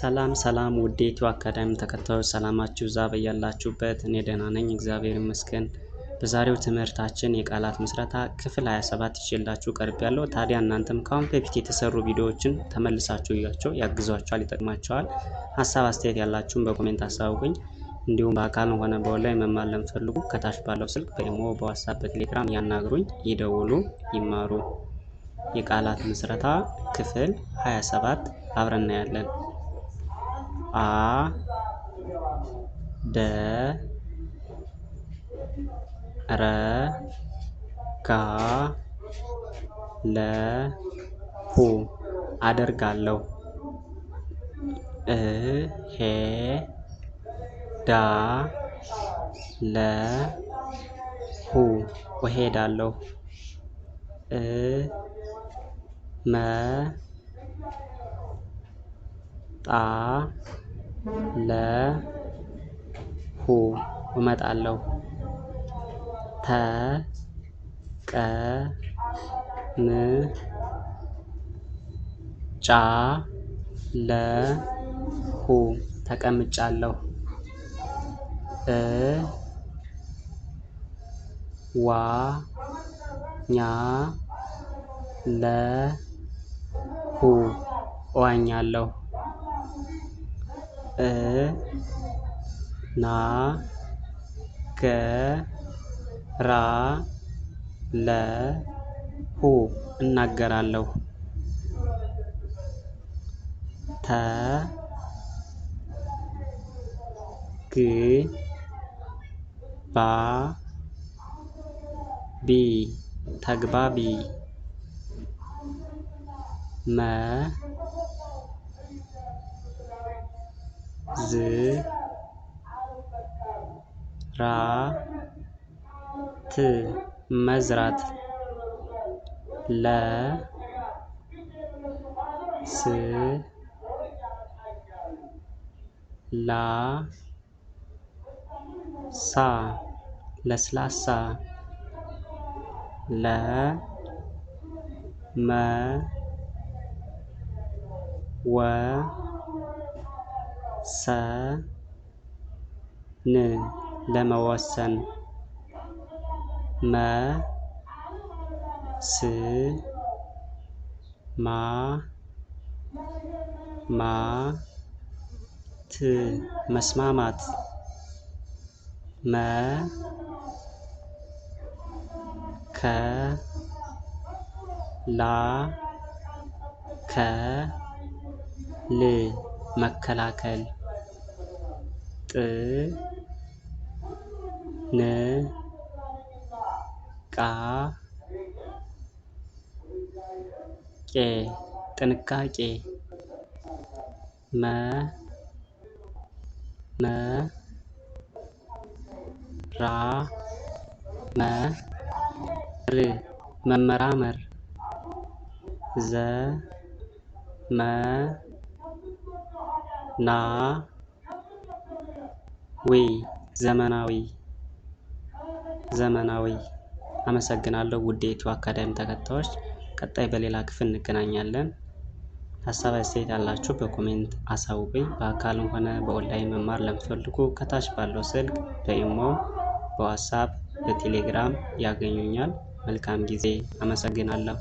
ሰላም ሰላም ውዴቱ አካዳሚ ተከታዮች ሰላማችሁ ዛ በያላችሁበት። እኔ ደህና ነኝ እግዚአብሔር ይመስገን። በዛሬው ትምህርታችን የቃላት ምስረታ ክፍል 27 ይዤላችሁ ያለው። ታዲያ እናንተም ከአሁን በፊት የተሰሩ ቪዲዮዎችን ተመልሳችሁ እያቸው፣ ያግዟችኋል፣ ይጠቅማችኋል። ሀሳብ አስተያየት ያላችሁን በኮሜንት አሳውቁኝ። እንዲሁም በአካል ሆነ በኦንላይን መማር ለምፈልጉ ከታች ባለው ስልክ በኢሞ በዋትሳፕ በቴሌግራም ያናግሩኝ፣ ይደውሉ፣ ይማሩ። የቃላት ምስረታ ክፍል 27 አብረን እናያለን። አ ደ ረ ጋ ለ ሁ አደርጋለሁ እ ሄ ዳ ለ ሁ እሄዳለሁ እ መ ጣ ለሁ እመጣለሁ ተቀምጫ ለሁ ተቀምጫለሁ እዋኛ ለሁ እዋኛለሁ እናገራለሁ እናገራለሁ ተ ግ ባ ቢ ተግባቢ መ ز را ت مزرات لا س لا سا لسلاسا ل م و ሰ ን ለመወሰን መ ስ ማ ማ ት መስማማት መ ከ ላ ከ ል መከላከል ጥ ነ ቃ ቄ ጥንቃቄ መ መ ራ መ ር መመራመር ዘ መ ና ወይ ዘመናዊ ዘመናዊ አመሰግናለሁ ውድ የኢትዮ አካዳሚ ተከታዮች ቀጣይ በሌላ ክፍል እንገናኛለን ሀሳብ አስተያየት ያላችሁ በኮሜንት አሳውቁኝ በአካልም ሆነ በኦንላይን መማር ለምትፈልጉ ከታች ባለው ስልክ በኢሞ በዋትሳፕ በቴሌግራም ያገኙኛል መልካም ጊዜ አመሰግናለሁ